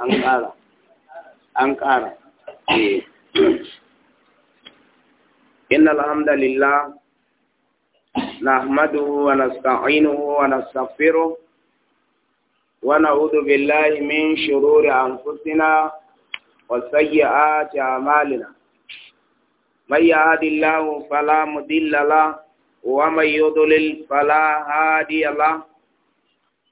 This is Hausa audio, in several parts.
an ƙara an ƙara eh. inna alhamdulillah nahmaduhu wa nasta'inuhu wa nastaghfiruh wa na'udhu billahi min shururi anfusina wa sayyiati a'malina may yahdihillahu fala mudilla lahu wa may yudlil fala hadiya lahu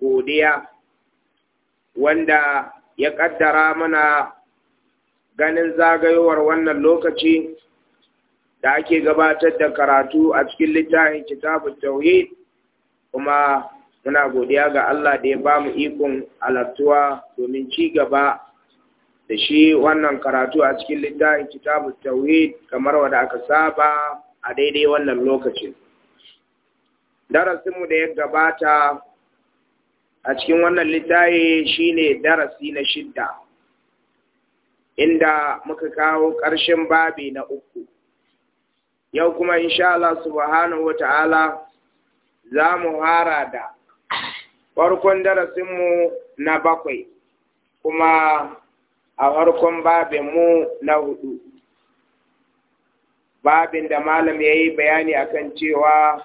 godiya wanda ya ƙaddara mana ganin zagayowar wannan lokaci da ake gabatar da karatu a cikin littafin kitabun tauhid kuma muna godiya ga Allah da ya ba mu ikon halartuwa domin ci gaba da shi wannan karatu a cikin littafin kitabun tauhid kamar wanda aka saba a daidai wannan lokacin Darasin mu da ya gabata a cikin wannan littaye shine darasi na shidda inda muka kawo ƙarshen babi na uku yau kuma insha Allah subhanahu wata'ala za mu hara da farkon darasinmu na bakwai kuma a farkon mu na hudu babin da malam ya yi bayani akan cewa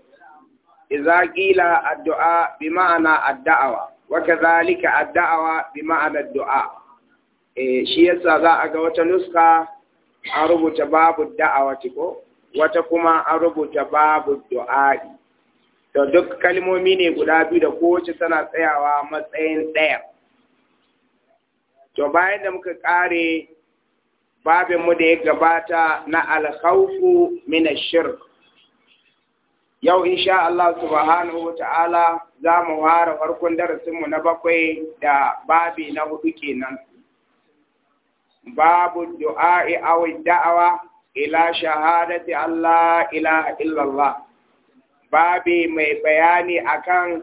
addu'a إذا قيل الدعاء بمعنى الدعوة وكذلك الدعوة addu'a. الدعاء shi yasa za a ga wata nuska an rubuta babu da'awa ciko, wata kuma an rubuta babu du'a'i to duk kalmomi ne guda biyu da kowace tana tsayawa matsayin ɗaya to bayan da muka ƙare babinmu da ya gabata na alkhawfu min ash-shirk yau insha Allah subhanahu wa ta'ala za mu fara farkon darasinmu na bakwai da babi na hudu kenan. Babu du'a'i aw da'awa ila shahadati Allah ila illallah. Babi mai bayani akan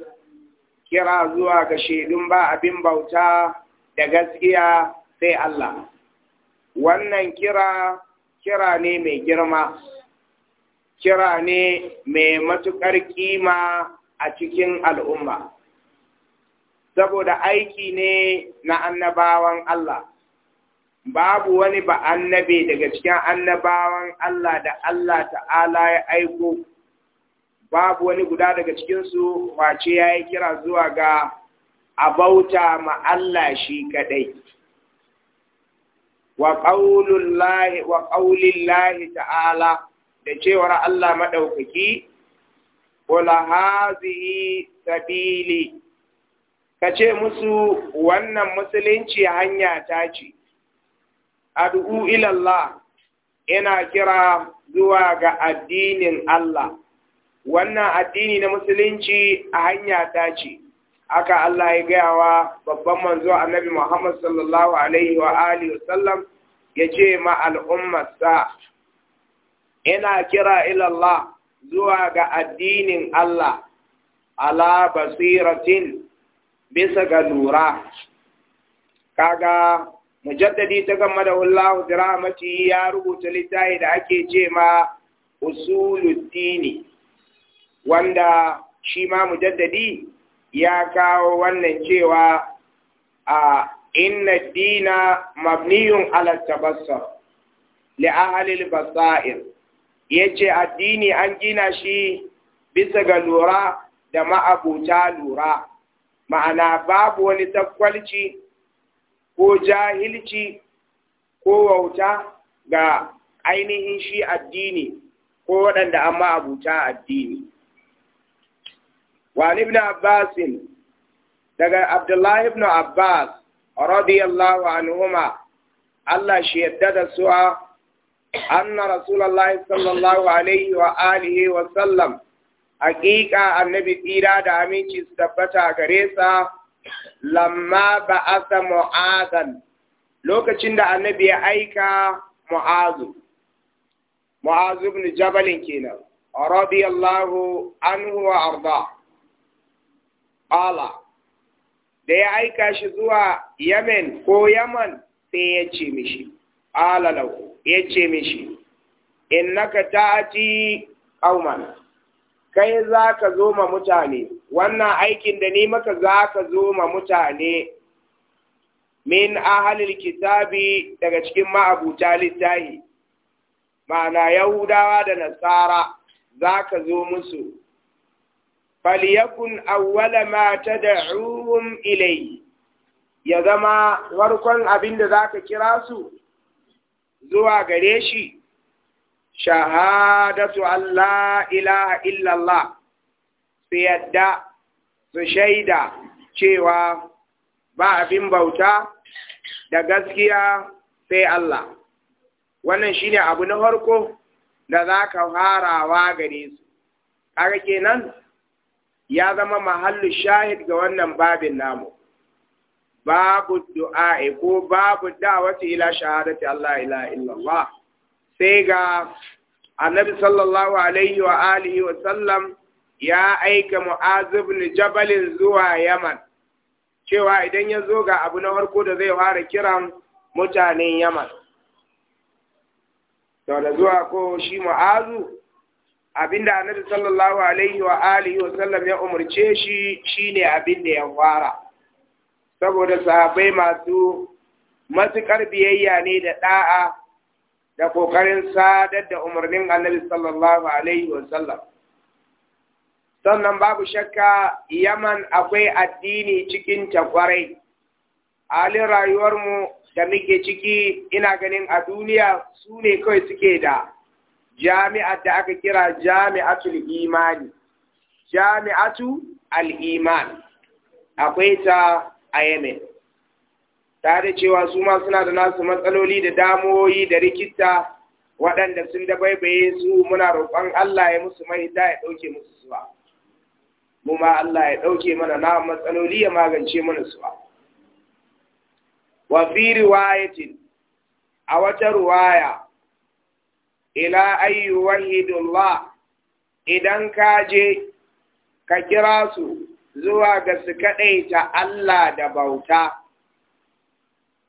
kira zuwa ga shaidun ba abin bauta da gaskiya sai Allah. Wannan kira kira ne mai girma. kira ne mai matuƙar kima a cikin al'umma, saboda aiki ne na annabawan Allah, babu wani ba annabe daga cikin annabawan Allah da Allah ta'ala ya aiko, babu wani guda daga cikinsu wace ya yi kira zuwa ga abauta ma Allah shi kaɗai. Wa ƙaulillahi ta'ala da cewar Allah maɗaukaki, Kula hazihi sabili, ka ce musu wannan musulunci hanya ta ce, adu'u ilallah ina kira zuwa ga addinin Allah, wannan addini na musulunci a hanya ta ce, aka Allah ya gaya wa babban manzo annabi Muhammad sallallahu Alaihi wa Alihi ya ce ma al'ummarsa. ina kira ilallah zuwa ga addinin Allah ala basiratin bisa ga lura kaga mujaddadi ta gama da wallahu dirhamati ya rubuta littafi da ake ce ma usuluddini wanda shi ma mujaddadi ya kawo wannan cewa a inna dina mabniyun ala tabassar li ahli al-basair ya ce addini an gina shi bisa ga lura da ma'abuta lura ma'ana babu wani takwalci ko jahilci ko wauta ga ainihin shi addini ko waɗanda an ma'abuta addini wani ibn abbasin daga abdullahi ibn abbas radiyallahu anhuma Allah shi yadda da su'a أن رسول الله صلى الله عليه وآله وسلم حقيقة النبي تيرا دا أمينشي ستبتا غريسا لما بعث معاذا lokacin da annabi ya aika mu'azu mu'azu ibn jabal kenan radiyallahu anhu wa arda qala da ya aika shi zuwa yemen ko yaman sai ya ce mishi qala lahu yace mishi innaka ta'ati qauman kai zaka zo ma mutane wannan aikin da ni maka zaka zo ma mutane min ahalil kitabi daga cikin ma'abuta littahi Mana yahudawa da nasara zaka zo musu falyakun awwala ma tad'uhum ilai ya zama warkon abinda zaka kira su zuwa gare shi shahadatu Allah ilaha illallah su yadda su shaida cewa ba abin bauta da gaskiya sai Allah wannan shi ne abu na farko da za ka harawa gare su kaga kenan ya zama mahallu shahid ga wannan babin namu babu du'a e, ko babu da'wati ila shahadati Allah ila illallah sai ga annabi sallallahu alaihi wa alihi wa sallam ya aika mu'az ibn jabal zuwa yaman cewa idan ya zo ga abu na farko da zai fara kiran mutanen yaman to da zuwa ko shi mu'azu abinda annabi sallallahu alaihi wa alihi wa sallam ya umurce shi shine abin da ya fara saboda sahabbai masu matuƙar biyayya ne da ɗa'a da ƙoƙarin sadar da umarnin annabi sallallahu alaihi wa sallam, sannan babu shakka yaman akwai addini cikin kwarai halin rayuwarmu da muke ciki ina ganin a duniya su ne kawai suke da jami'ar da aka kira jami'atul imani jami'atu al-iman akwai ta a yemen ta da cewa su ma suna da nasu matsaloli da damoyi da rikita waɗanda sun dabaibaye su muna roƙon Allah ya musu mahita ya ɗauke musu suwa mu ma Allah ya ɗauke mana na matsaloli ya magance mana suwa wa fi riwayatin a wata ruwaya ila ayyu hidullah idan ka je ka kira su zuwa ga su kaɗaita Allah da bauta,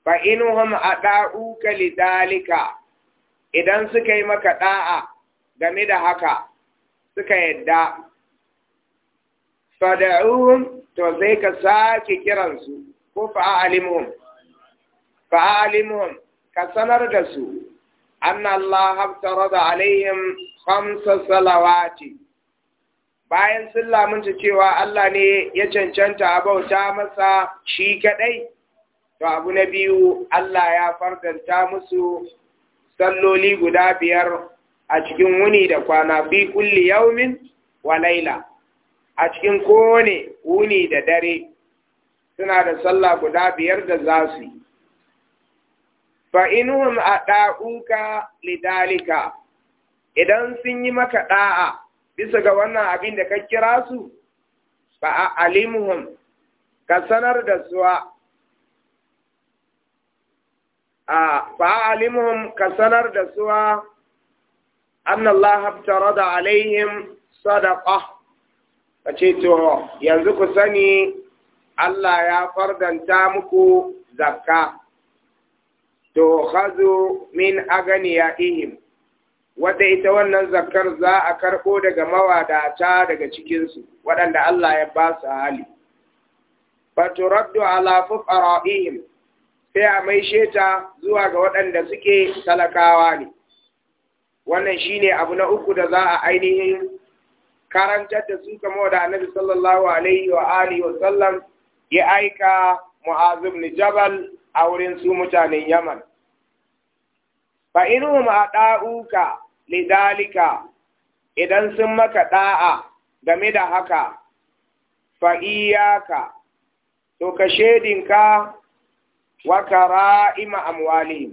fa inuhum a ɗa'uka lidalika idan suka yi maka ɗa'a game da haka suka yadda, fada'uhum to sai ka sake kiransu ko fa'alimuhum, fa'alimuhum ka sanar da su, an Allah haftar da alaihim khamsa salawati. bayan sun lamunta cewa Allah ne ya cancanta a bauta masa shi kaɗai, to abu na biyu Allah ya fardanta musu salloli guda biyar a cikin wuni da kwana bi kulli yaumin wa laila, a cikin kowane wuni da dare suna da sallah guda biyar da za su yi. Fa'inuhun a ɗa'uka lidalika, idan sun yi maka ɗa'a. bisa ga wannan abin da ka kira su ba alimuhum ka sanar da su a a alimuhum ka sanar da suwa an Allah da alaihim sadaqa ce to yanzu ku sani Allah ya fardanta muku zakka to khazu min aganiyaihim wadda ita wannan zakar za a karɓo daga mawadata daga cikinsu waɗanda Allah ya ba su hali. Faturaddu ala fuqara'ihim sai a mai sheta zuwa ga waɗanda suke talakawa ne. Wannan shine abu na uku da za a ainihin karantar da su kama da annabi sallallahu alaihi wa alihi wa sallam ya aika mu'azim ni Jabal a wurin su mutanen Yaman. Fa ma ɗa'uka. lidalika idan sun maka ɗa'a game da haka fa'iyaka to ka shedinka wa kara'ima amwalihim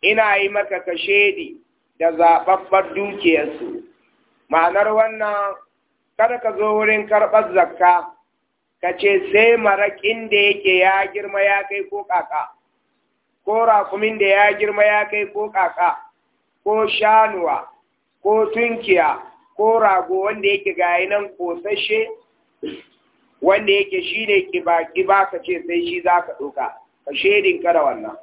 ina yi maka ka shedi da zababbar dukiyarsu ma'anar wannan kada ka zo wurin karɓar zakka ka ce sai maraƙin da yake ya girma ya kai ko ƙaƙa ko rakumin da ya girma ya kai ko ƙaƙa ko shanuwa ko tunkiya ko rago wanda yake gayi nan kosashe wanda yake shi ne kiba-kiba ka ce sai shi za ka ɗauka ka shedin kada wannan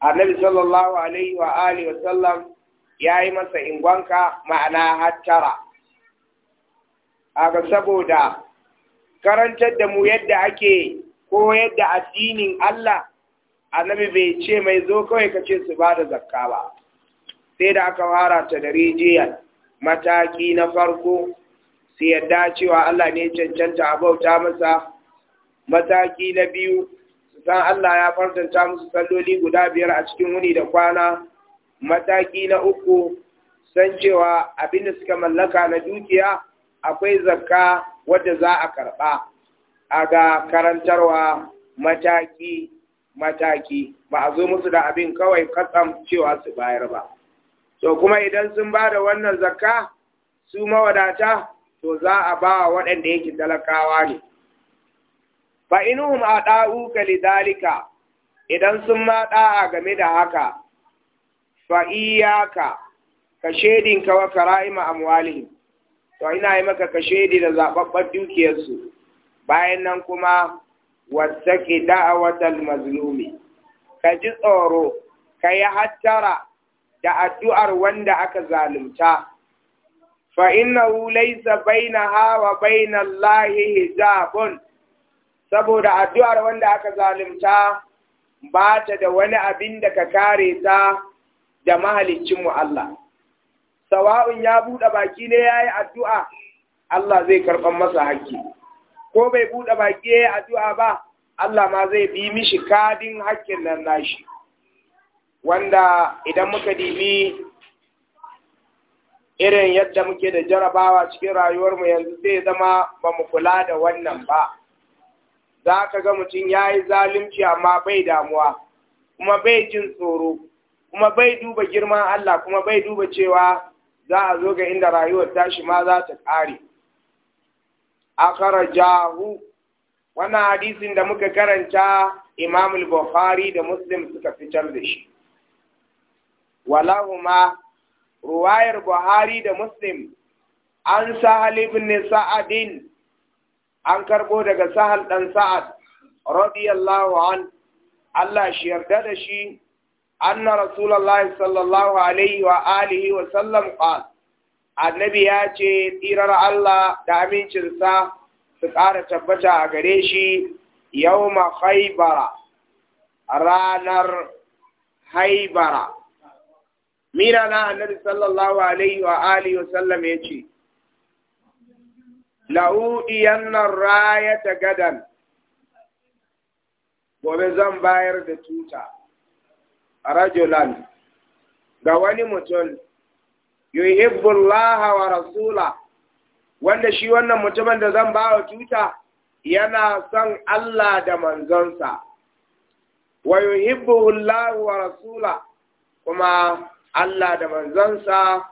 annabi sallallahu alaihi wa alihi wa sallam ya yi masa ingwanka ma'ana hattara aga saboda karantar da mu yadda ake ko yadda addinin Allah annabi bai ce mai zo kawai ka ce su ba da zakka ba sai da aka fara ta da rijiyar mataki na farko sai yadda cewa Allah ne cancanta a bauta masa mataki na biyu su san Allah ya fartanta musu salloli guda biyar a cikin wuni da kwana mataki na uku san cewa abinda suka mallaka na dukiya akwai zakka wadda za a karɓa a ga karantarwa mataki mataki ba a zo musu da abin kawai katsam cewa su bayar ba to kuma idan sun ba da wannan zakka su mawadata to za a ba wa waɗanda yake talakawa ne fa a ada'uka lidhalika idan sun ma ɗa'a game da haka fa kashedin ka shedin ka wa a muwalihi, to ina yi maka ka shaidi da zaɓaɓɓen dukiyarsu bayan nan kuma wattaki da'awatal mazlumi ka ji tsoro ka yi hattara da addu'ar wanda aka zalunta fa innahu laysa bainaha wa bainallahi hijabun saboda addu'ar wanda aka zalunta ba ta da wani abin da ka kare ta da mu Allah sawa'un ya buɗe baki ne yayi addu'a Allah zai karɓa masa hakki ko bai buɗe baki ya yi addu'a ba Allah ma zai bi mishi kadin hakkin nan nashi wanda idan muka dimi irin yadda muke da jarabawa cikin rayuwarmu yanzu zai zama ba mu kula da wannan ba za ka ga mutum ya yi zalunci amma bai damuwa kuma bai jin tsoro kuma bai duba girman Allah kuma bai duba cewa za a zo ga inda rayuwar tashi ma za ta ƙare jahu, wannan hadisin da muka karanta Imam al-Bukhari da Muslim suka fitar da shi walahuma ruwayar Buhari da Muslim an Sahal ibn Sa'adin an karbo daga Sahal dan Sa'ad radiyallahu an Allah shi yarda da shi anna Rasulullahi sallallahu alaihi wa alihi wa sallam qala annabi ya ce tsirar Allah da amincinsa su ƙara tabbata a gare shi yau ma haibara ranar haibara mira na annabi sallallahu alaihi wa alihi wasallam ya ce la'udiyannan raya ta gadan gobe zan bayar da tuta rajulan ga wani mutum yuhibbu wa rasula wanda shi wannan mutumin da zan bawa tuta yana son Allah da manzonsa wa yuhibbu Allah wa rasula kuma Allah da manzonsa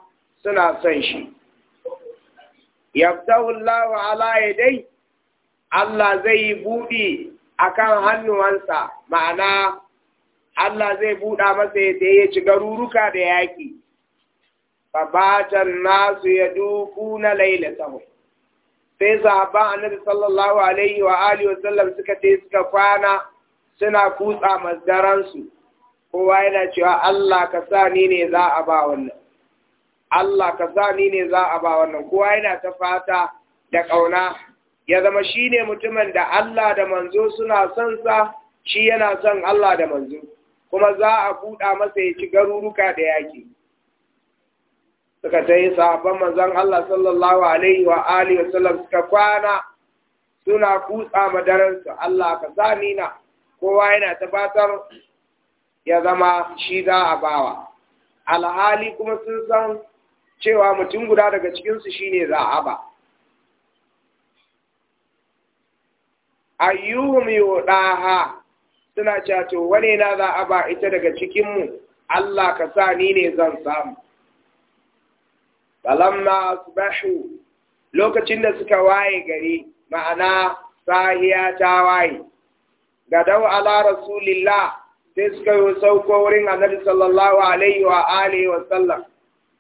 suna son shi yaftahu Allah ala yadai Allah zai yi buɗi akan hannuwansa ma'ana Allah zai buɗa masa yadda ya ci garuruka da yaƙi. fabatan nasu ya doku na lailatahu sai sahabban annabi sallallahu alaihi wa alihi wa sallam suka ce suka kwana suna kutsa mazdaransu kowa yana cewa Allah ka sa ni ne za a ba wannan Allah ka sa ni ne za a ba wannan kowa yana ta fata da ƙauna ya zama shi mutumin da Allah da manzo suna sonsa, shi yana son Allah da manzo kuma za a buɗa masa ya ci garuruka da yaki suka ta yi sahabban manzan Allah sallallahu alaihi wa alihi wasallam suka kwana suna kutsa madararsu Allah ka sani na kowa yana tabatar ya zama shi za a bawa alhali kuma sun san cewa mutum guda daga cikinsu shine za a ba ayyuhum ha, suna cato wane na za a ba ita daga cikinmu Allah ka sa ni ne zan samu falamma asbahu lokacin da suka waye gari ma'ana sahiya ta waye gadau ala rasulillah sai suka yi sauko wurin annabi sallallahu alaihi wa alihi wa sallam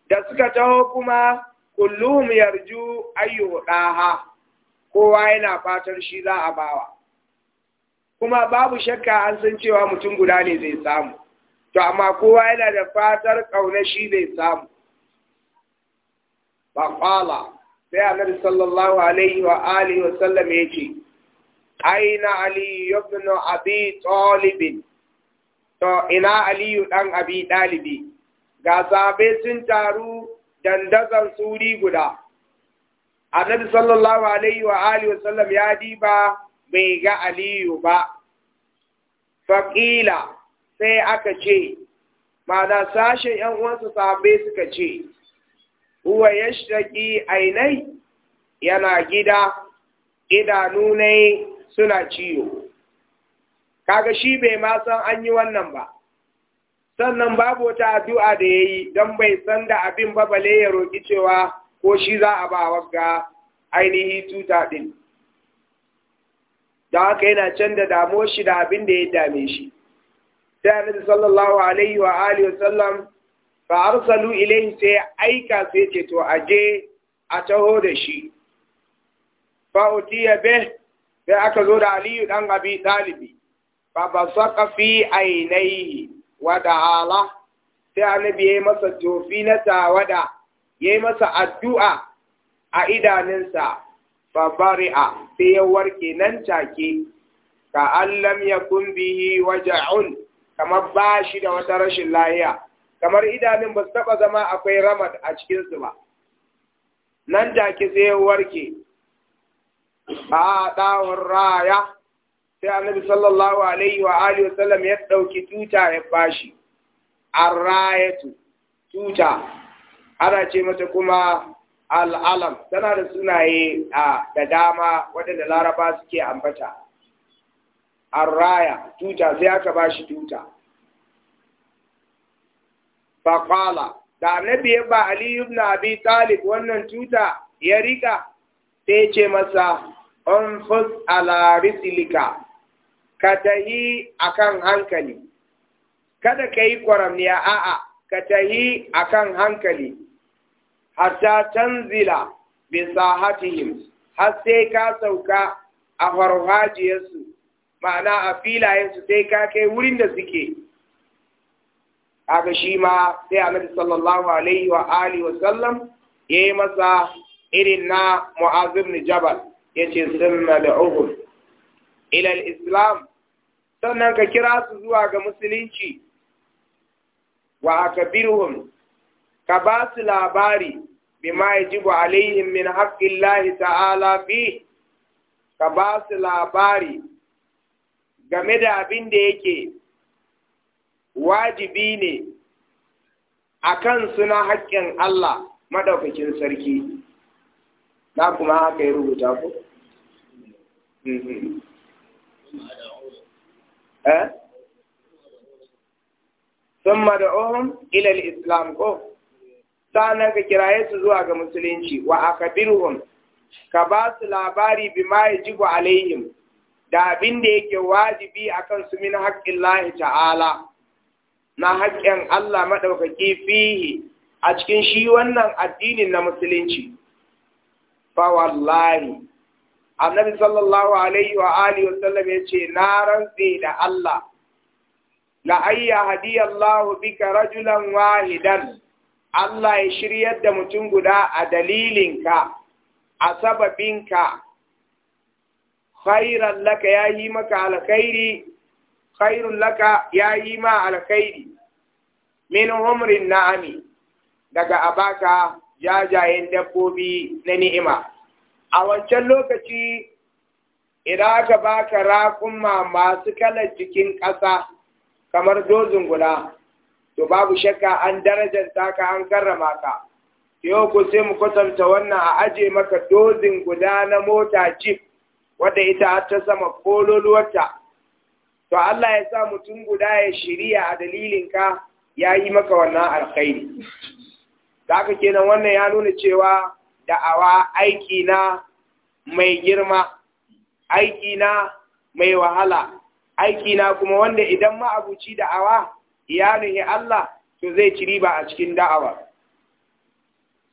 da suka taho kuma kullum yarju ayyu daha kowa yana fatan shi za a bawa kuma babu shakka an san cewa mutum guda ne zai samu to amma kowa yana da fatar kauna shi zai samu faƙala sai annabi sallallahu alaihi wa alihi wa sallam ya ce aina ali ibn abi talib to ina aliyu dan abi dalibi ga sabe sun taru dandazan suri guda annabi sallallahu alaihi wa alihi wa sallam ya diba bai ga aliyu ba faƙila sai aka ce ma'ana sashen 'yan uwansa sahabbai suka ce huwa yashtaki ainai yana gida idanu ne suna ciwo kaga shi bai ma san an yi wannan ba sannan babu wata addu'a da yayi don bai san da abin ba bale ya roki cewa ko shi za a ba wagga ainihi tuta din da haka yana can da damo shi da abin da ya dame shi sai annabi sallallahu alaihi wa alihi sallam. fa arsalu ilayhi sai aika sai ce to aje a taho da shi fa utiya be sai aka zo da aliyu dan abi dalibi fa basaka fi ainihi wa da'ala sai annabi yayi masa tofi na tawada yayi masa addu'a a idanunsa fa bari'a sai ya warke nan take ka allam yakun bihi waja'un kamar bashi da wata rashin lahiya kamar idanun ba su taɓa zama akwai ramad a cikinsu ba nan take sai warke a ɗawon raya sai annabi sallallahu alaihi wa alihi wasallam ya ɗauki tuta ya bashi raya tuta ana ce mata kuma al'alam tana da sunaye da dama waɗanda laraba suke ambata arraya tuta sai aka bashi tuta faƙala da annabi ya ba Ali ibn Abi Talib wannan tuta ya riƙa? sai ce masa unfus ala risilika ka tahi akan hankali kada ka yi ƙwaramniya a'a ka tahi akan hankali hatta canzila, bisa sahatihim har sai ka sauka a farfajiyarsu ma'ana a filayensu sai ka kai wurin da suke kaga shi ma sai annabi sallallahu alaihi wa alihi wa sallam yayi masa irin na mu'az ibn jabal yace sunna da'uhum ila al-islam sannan ka kira su zuwa ga musulunci wa akbiruhum ka ba su labari bima yajibu alaihim min haqqillahi ta'ala bi ka ba su labari game da abin da yake wajibi ne a kan suna haƙƙin Allah maɗaukakin sarki na kuma haka ya rubuta ku? sun mhm. ohun eh? ilal islam ko sa'anan ka kiraye su zuwa ga musulunci wa akabiruhum ka ba su labari bi ma jigo alaihim da abin da yake wajibi akan su min haƙƙin Allah ta'ala na haƙƙin Allah maɗaukaki fihi a cikin shi wannan addinin na musulunci. Ba wallahi, annabi sallallahu alaihi wa alihi wasallam ya ce, Na rantse da Allah, la ayya hadiyallahu bika rajulan wahidan, Allah ya shiryar da mutum guda a dalilinka, a sababinka, khairan laka ya yi maka alkhairi khairun laka ya yi ma alkhairi min humrin na'ami daga abaka jajayen dabbobi na ni'ima a wancan lokaci idan aka baka raƙuma masu kalar jikin ƙasa kamar dozin guda to babu shakka an darajanta ka an karrama ka yau ku sai mu kwatanta wannan a aje maka dozin guda na mota jeep wadda ita ta sama kololuwarta to Allah ya sa mutum guda ya shirya a dalilinka ya yi maka wannan alkhairi da aka kenan wannan ya nuna cewa da'awa aiki na mai girma aiki na mai wahala aiki na kuma wanda idan ma'abuci da'awa ya nuhi Allah to zai ci riba a cikin da'awa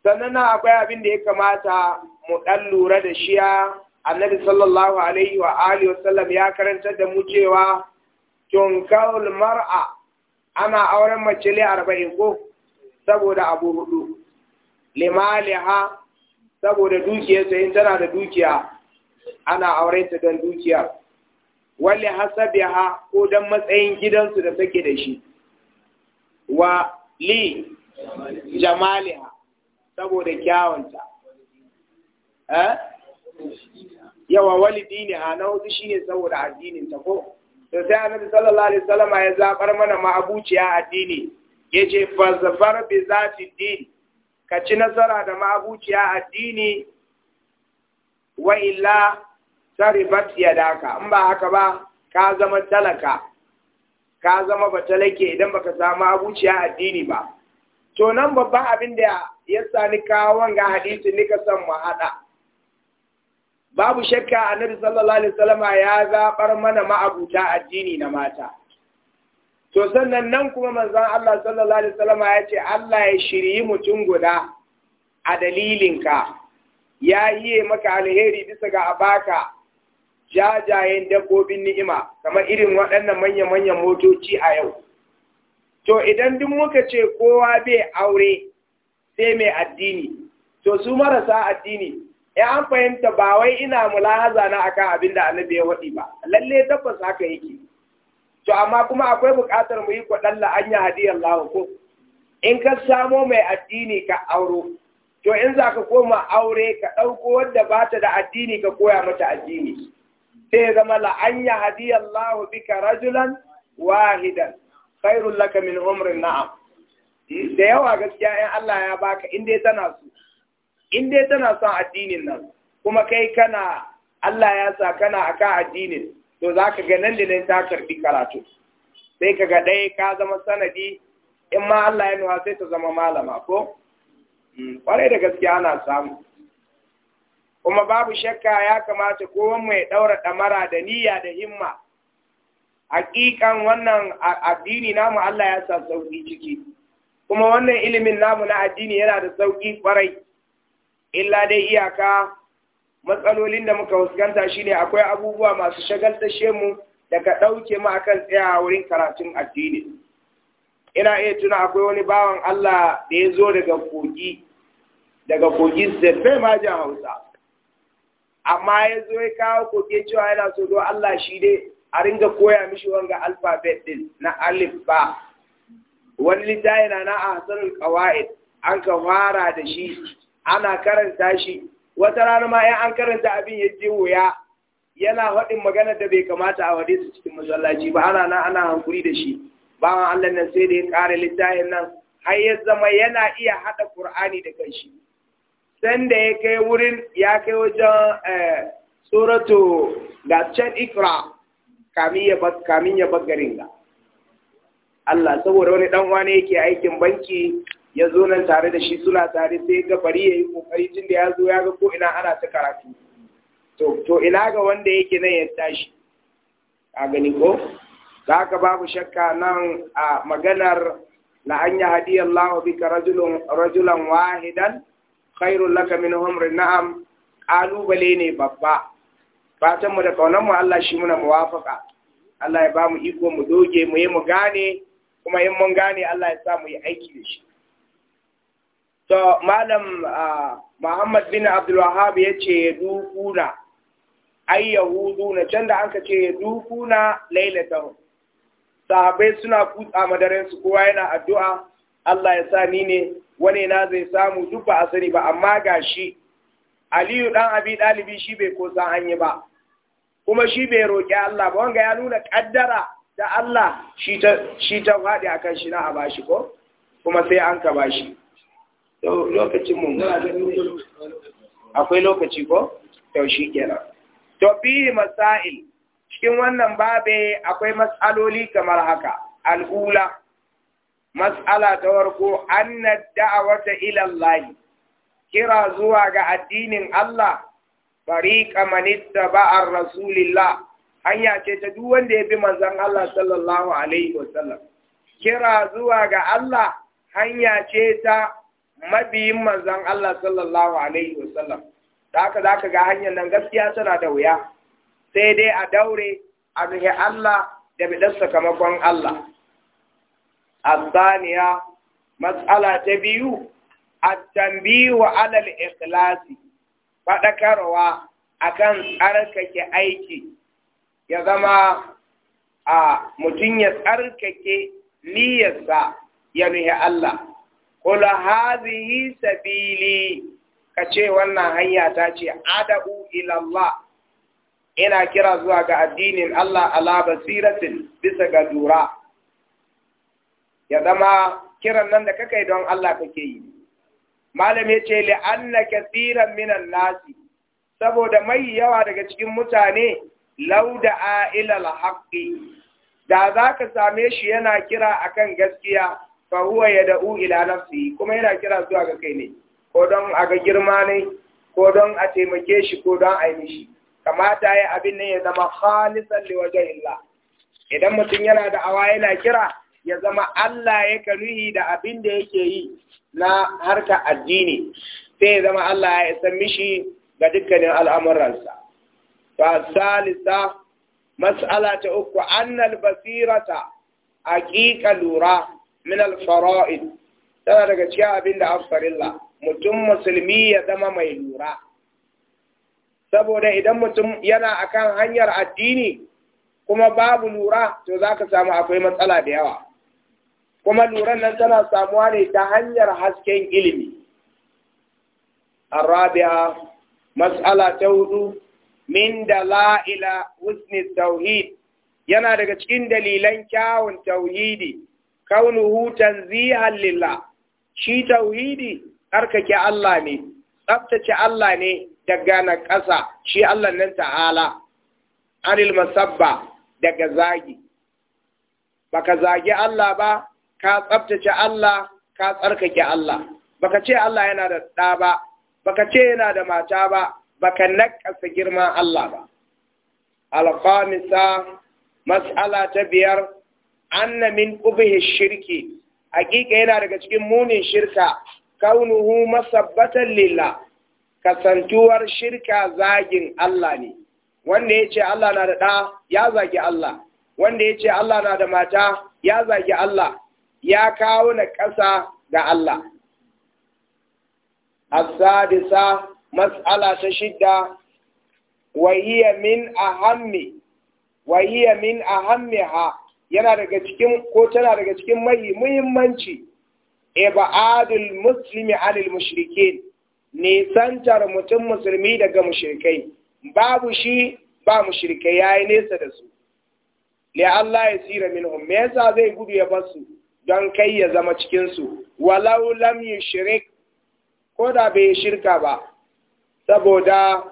sannan akwai abin da ya kamata mu ɗan lura da shiya annabi sallallahu alaihi wa alihi wa sallam ya karantar da mu cewa mar'a ana auren mace le 40 ko saboda abu hudu limaliha saboda dukiyarta in tana da dukiya ana auren ta don dukiyar wali hasabiha ko don matsayin gidansu da take da shi wa li jamaliha saboda kyawunta eh yawa ne a na hudu shine saboda addinin ta ko to sai annabi sallallahu alaihi wasallam ya zaɓar mana ma'abuciya addini yace fazfar bi zati din ka ci nasara da ma'abuciya addini wa illa ya yadaka in ba haka ba ka zama talaka ka zama batalake idan baka samu abuciya addini ba to nan babban abin da ya sani kawo wanga hadisi nika son mu haɗa. babu shakka annabi sallallahu alaihi wasallama ya zabar mana ma'abuta addini na mata to sannan nan kuma manzon Allah sallallahu alaihi wasallama ya ce Allah ya shiryi mutum guda a dalilin ka ya yi maka alheri bisa ga abaka jajayen dabbobin ni'ima kamar irin waɗannan manya-manyan motoci a yau to idan duk muka ce kowa bai aure sai mai addini to su marasa addini in an fahimta ba wai ina mulahaza na akan abin da annabi ya waɗi ba lalle tabbas haka yake to amma kuma akwai buƙatar mu yi kwadan la'anya hadiyar lahu ko in ka samo mai addini ka auro to in za ka koma aure ka ɗauko wadda ba ta da addini ka koya mata addini sai zama la hadiyar lahu bika rajulan wahidan khairul laka min umrin na'am da yawa gaskiya in Allah ya baka in dai tana so. in dai tana son addinin nan kuma kai kana Allah ya sa kana akan addinin to za ka ga nan da nan ta karfi karatu sai ka ga ɗaya ka zama sanadi in ma Allah ya nuwa sai ta zama malama ko kwarai hmm, da gaskiya ana samu kuma babu shakka ya kamata kowan mai ɗaura ɗamara da niyya da himma hakikan wannan addini namu Allah ya sa sauki ciki kuma wannan ilimin namu na addini yana da sauki kwarai illa dai iyaka matsalolin da muka fuskanta shine akwai abubuwa masu shagaltashe mu ka ɗauke mu akan tsaya wurin karatun addini ina iya tuna akwai wani bawan Allah da ya zo daga kogi daga kogi state ma hausa amma ya zo ya kawo koke cewa yana so don Allah shi dai a ringa koya mishi wanga alfabet din na alif ba wani littafi na na ahsanul qawaid an ka fara da shi ana karanta shi wata rana ma ya an karanta abin ya je wuya yana faɗin magana da bai kamata a wade su cikin masallaci ba ana nan ana hankuri da shi bawan Allah nan sai da ya ƙara littafin nan har ya zama yana iya haɗa Kur'ani da kanshi san da ya kai wurin ya kai wajen eh, suratu ga can ikra kamin ya baggarin ga Allah saboda wani dan wani yake aikin banki ya zo nan tare da shi suna tare sai ga bari ya yi ƙoƙari tun da ya zo ya ga ko ina ana ta karatu to ina ga wanda yake nan ya tashi a gani ko ka ka babu shakka nan a maganar la an yi hadiyallahu bika rajulan rajulan wahidan khairul laka min humri na'am kalubale ne babba fatan mu da kaunan mu Allah shi muna muwafaka Allah ya ba mu iko mu doge mu yi mu gane kuma in mun gane Allah ya sa mu yi aiki da shi to malam Muhammad bin Abdul Wahhab yace dukuna ai na can da anka ce dukuna lailatan sahabai suna kutsa madaran su kowa yana addu'a Allah ya sa ni ne wani na zai samu duk ba ba amma gashi Aliyu dan Abi Dalibi shi bai ko san hanye ba kuma shi bai roƙi Allah ba wanga ya nuna kaddara da Allah shi ta shi ta faɗi akan shi na a bashi ko kuma sai an ka bashi to lokacin mu muna ganin akwai lokaci ko to shi kenan to fi masail cikin wannan babe akwai mas'aloli kamar haka al'ula mas'ala ta farko anna da'awata ila Allah kira zuwa ga addinin Allah fariqa man ittaba'a rasulillah hanya ce ta duk wanda ya bi manzon Allah sallallahu alaihi wasallam kira zuwa ga Allah hanya ce ta mabiyin manzan Allah sallallahu alaihi wasallam da haka zaka ga hanyar nan gaskiya tana da wuya sai dai a daure a nuhi Allah da bidan sakamakon Allah matsala ta biyu a تبيو wa Alal ikhlasi faɗakarwa akan tsarkake aiki ya zama a mutum ya tsarkake niyyarsa ya nuhi Allah kula hadhihi sabili ka ce wannan hanya ta ce ada'u ila Allah ina kira zuwa ga addinin Allah ala basiratin bisa ga dura ya zama kiran nan da kakai don Allah kake yi malam ya ce li'anna kathiran minan nasi saboda mai yawa daga cikin mutane lauda a ilal haƙƙi. da za ka same shi yana kira akan gaskiya fa ya yad'u ila nafsi kuma yana kira zuwa ga kai ne ko don a ga girma ne ko don a taimake shi ko don a yi mishi kamata ya abin ne ya zama khalisan li illa. idan mutum yana da awa yana kira ya zama Allah ya kanuhi da abin da yake yi na harka addini sai ya zama Allah ya isa mishi ga dukkanin al'amuransa. Ba salisa, mas'ala ta uku, annal basirata, aƙiƙa lura, min al tana daga cikin abinda da mutum musulmi ya zama mai lura saboda idan mutum yana akan hanyar addini kuma babu lura to zaka samu akwai matsala da yawa kuma luran nan tana samuwa ne ta hanyar hasken ilimi ta hudu, min da Laila حسن Tauhid, yana daga cikin dalilan kyawun tauhidi hutan tanzihan lillah shi tauhidi tsarkake Allah ne tsaftace Allah ne daga na ƙasa shi Allah nan ta'ala anil masabba daga zagi baka zagi Allah ba ka tsaftace Allah ka tsarkake Allah ka ce Allah yana da ɗa ba baka ce yana da mata ba baka naƙasa girman Allah ba alqamisa mas'ala ta biyar anna min shirki hakika yana daga cikin munin shirka kaunuhu masabbatan lilla. kasantuwar shirka zagin Allah ne wanda ya ce Allah na da ɗa ya zagi Allah wanda ya ce Allah na da mata ya zagi Allah ya kawo na ƙasa ga Allah asadisa mas'ala ta shidda wahiya min ahammi wahiya min ahammiha yana daga cikin ko tana daga cikin mai muhimmanci ibadul muslimi anil mushrikin nisantar mutum musulmi daga mushrikai babu shi ba mushrikai yayi nesa da su li Allah ya tsira minhum me yasa zai gudu ya basu don kai ya zama cikin su walau lam yushrik ko da bai shirka ba saboda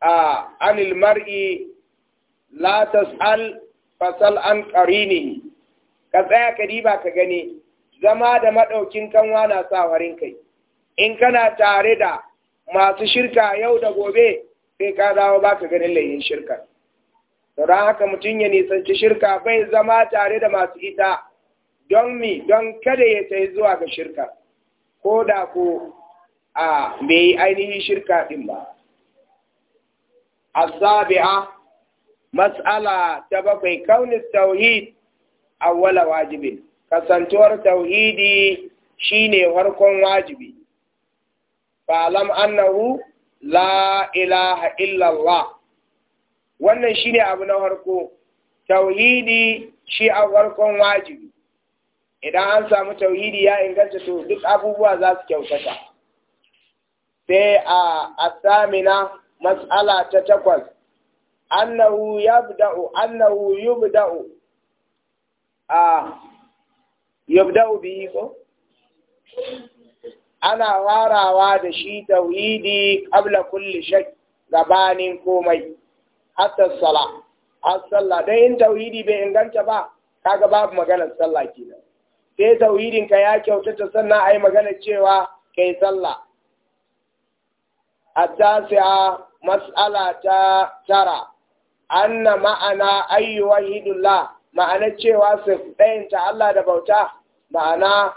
a anil mar'i la tas'al fasal an ne. ka tsaya ka riba ka gani zama da maɗaukin kanwa na sa warin kai in kana tare da masu shirka yau da gobe sai ka dawo ba ka ganin layin shirka don haka mutum ya nisanci shirka bai zama tare da masu ita don mi don kada ya sai zuwa ga shirka ko da ko a bai ainihin shirka ɗin ba. Asabi'a mas'ala ta bakwai kaunin tauhid awwala wajibi. kasantuwar tauhidi ne harkon wajibi falam annahu la ilaha illallah wannan ne abu na farko tauhidi shi a harkon wajibi idan an samu tauhidi ya inganta to duk abubuwa za su kyautata sai a Samina mas'ala ta takwas annahu yabda'u annahu yubda'u yabda'u ko ana warawa da shi tauhidi qabla kulli shay gabanin komai hatta sala har sallah dan in tauhidi bai inganta ba kaga babu maganar sallah kenan sai tauhidin ka ya kyautata sannan ai magana cewa kai sallah التاسعة ta tara. anna ma'ana ayyu wahidullah ma'ana cewa su ɗayanta Allah da bauta ma'ana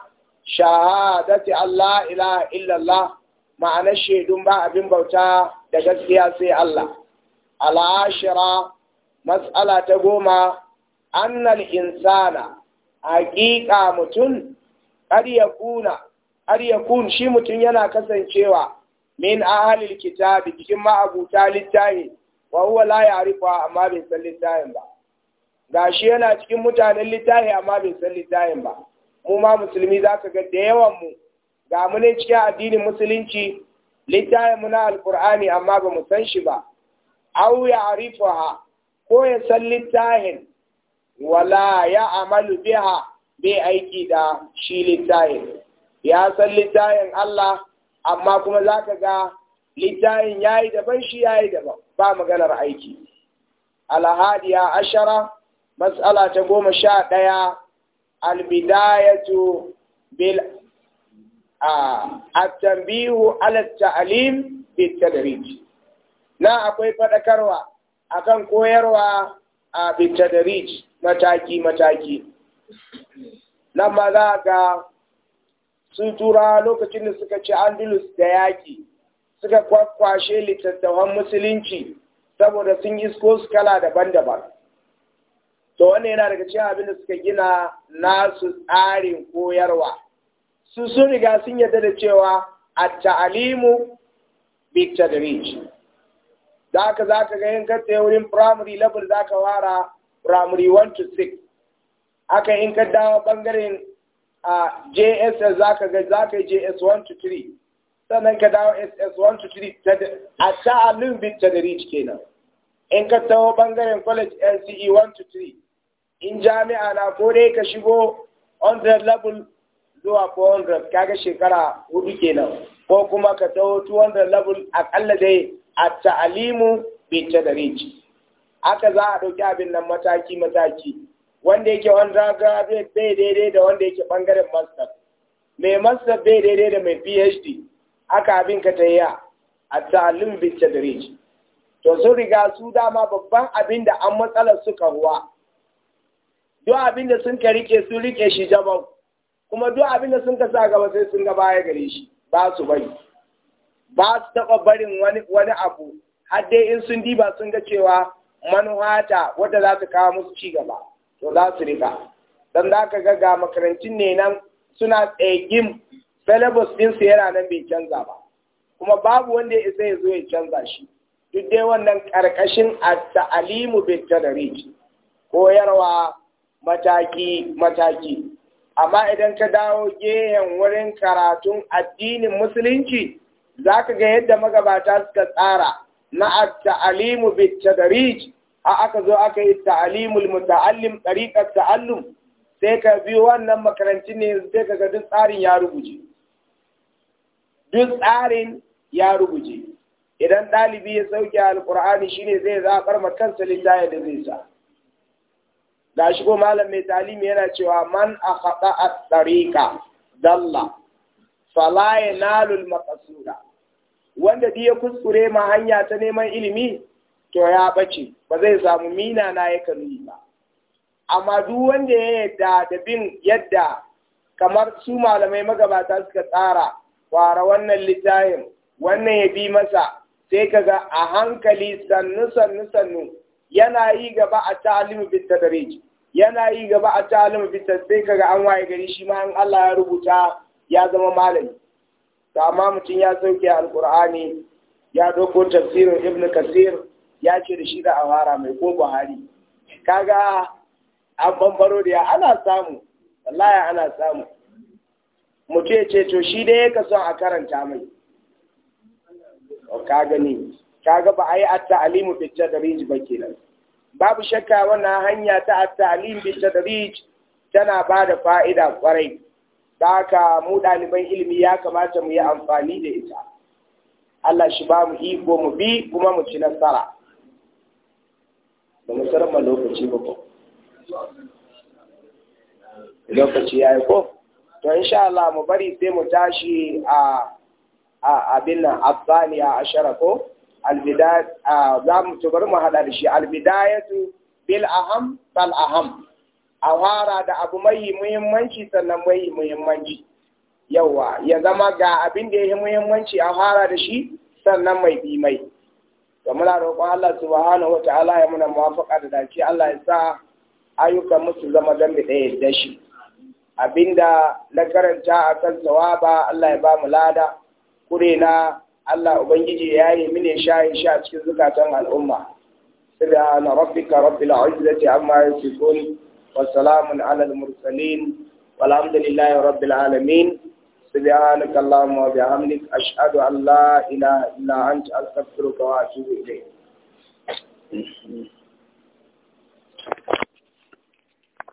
shahadati Allah ilaha illallah ma'ana shaidun ba abin bauta da gaskiya sai Allah al'ashira matsala ta goma annal insana haƙiƙa mutum ya kun shi mutum yana kasancewa min ahalil kitabi cikin ma'abuta littafi wa huwa la ya'rifa amma bai san littafin ba gashi yana cikin mutanen littafi amma bai san littafin ba mu ma musulmi za ka ga da yawan mu ga mu ne cikin addinin musulunci littafin mu na alqur'ani amma ba mu san shi ba aw ya'rifaha ko ya san littafin wala ya amalu biha bai aiki da shi littafin ya san littafin Allah amma kuma za ka ga littafin yayi daban shi yayi daban ba maganar aiki alhadiya ashara matsala ta goma sha ɗaya albidayatu bil A التنبيه على bil بالتدريج Na akwai faɗakarwa kan koyarwa a bitadrij mataki mataki nan ma za ga su tura lokacin da suka ci andalus da yaƙi suka kwakwashe littattafan musulunci saboda sun isko su kala daban-daban to wannan yana daga cikin abin da suka gina nasu tsarin koyarwa su sun riga sun yarda da cewa a ta'alimu da Rich. Za ka za ka ga yin ka wurin primary level za ka wara primary 1 to 6 haka in ka dawo bangaren a jss za ka ga za ka yi js 1 sannan ka dawo SS123 a sha'anin bit tadarij kenan in ka taho bangaren college LCE 123 in jami'a na ko ka shigo 100 level zuwa 400 kaga shekara hudu kenan ko kuma ka taho 200 level akalla dai a ta'alimu bit tadarij aka za a ɗauki abin nan mataki mataki wanda yake undergraduate bai daidai da wanda yake bangaren master mai master bai daidai da mai PhD aka abin ka tayya a talin bit tadrij to sun riga su dama babban abin da an matsalar suka ruwa duk abin da sun ka rike su rike shi jabau kuma duk abin da sun ka sa gaba sai sun ga baya gare shi ba su bari ba su taɓa barin wani wani abu har dai in sun diba sun ga cewa manuhata wadda za su kawo musu ci gaba to za su rika dan za ka ga ga makarantun ne nan suna tsegin syllabus su yana nan bai canza ba kuma babu wanda ya isa ya zo ya canza shi duk dai wannan ƙarƙashin at-ta'limu bil koyarwa mataki mataki amma idan ka dawo gehen wurin karatun addinin musulunci zaka ga yadda magabata suka tsara na at-ta'limu bit a aka zo aka yi ta'limul muta'allim tariqat ta'allum sai ka bi wannan makarantun ne sai ka ga duk tsarin ya rubuce duk tsarin ya rubuce idan ɗalibi ya sauke Alƙur'ani shine zai zaɓar ma kansa littaya da zai sa da shi ko malam mai talimi yana cewa man a haɗa a tsarika dalla fala nalul makasura wanda ya kuskure ma hanya ta neman ilimi to ya ɓace ba zai samu mina na ya kanu ba amma duk wanda ya yadda da bin yadda kamar su malamai magabata suka tsara fara wannan littafin wannan ya bi masa sai kaga a hankali sannu sannu sannu yana yi gaba a ta'alimu bit tadarij yana yi gaba a ta'alimu bit sai kaga an waye gari shi ma in Allah ya rubuta ya zama malami to amma mutum ya sauke alqur'ani ya doko tafsirin ibnu kasir ya ce da shi da awara mai ko buhari kaga an bambaro da ya ana samu wallahi ana samu mutu ya ce to shi dai ka son a karanta mai ka gani kaga ba a yi at fitar da tadrij ba kenan babu shakka wannan hanya ta ta'alimu fitar da tadrij tana ba da fa'ida kwarai da ka mu ɗaliban ilimi ya kamata mu yi amfani da ita Allah shi ba mu iko mu bi kuma mu ci nasara Ba mu ma lokaci ba ko lokaci ya yi ko to insha Allah mu bari sai mu tashi a abin nan abaniya ashara ko za mu tubar mu haɗa da shi albidayatu bil aham tal aham a fara da abu mai muhimmanci sannan mai muhimmanci yawa ya zama ga abin da ya yi muhimmanci a fara da shi sannan mai bi mai to muna roƙon Allah subhanahu wata'ala ya muna muwafaqa da dace Allah ya sa ayyukan musu zama dambe ɗaya da shi abinda na karanta a kan sawaba Allah ya ba mu lada kure na Allah ubangiji ya yi mini shayin sha cikin zukatan al'umma subhana rabbika rabbil izzati amma ala al mursalin walhamdulillahi rabbil alamin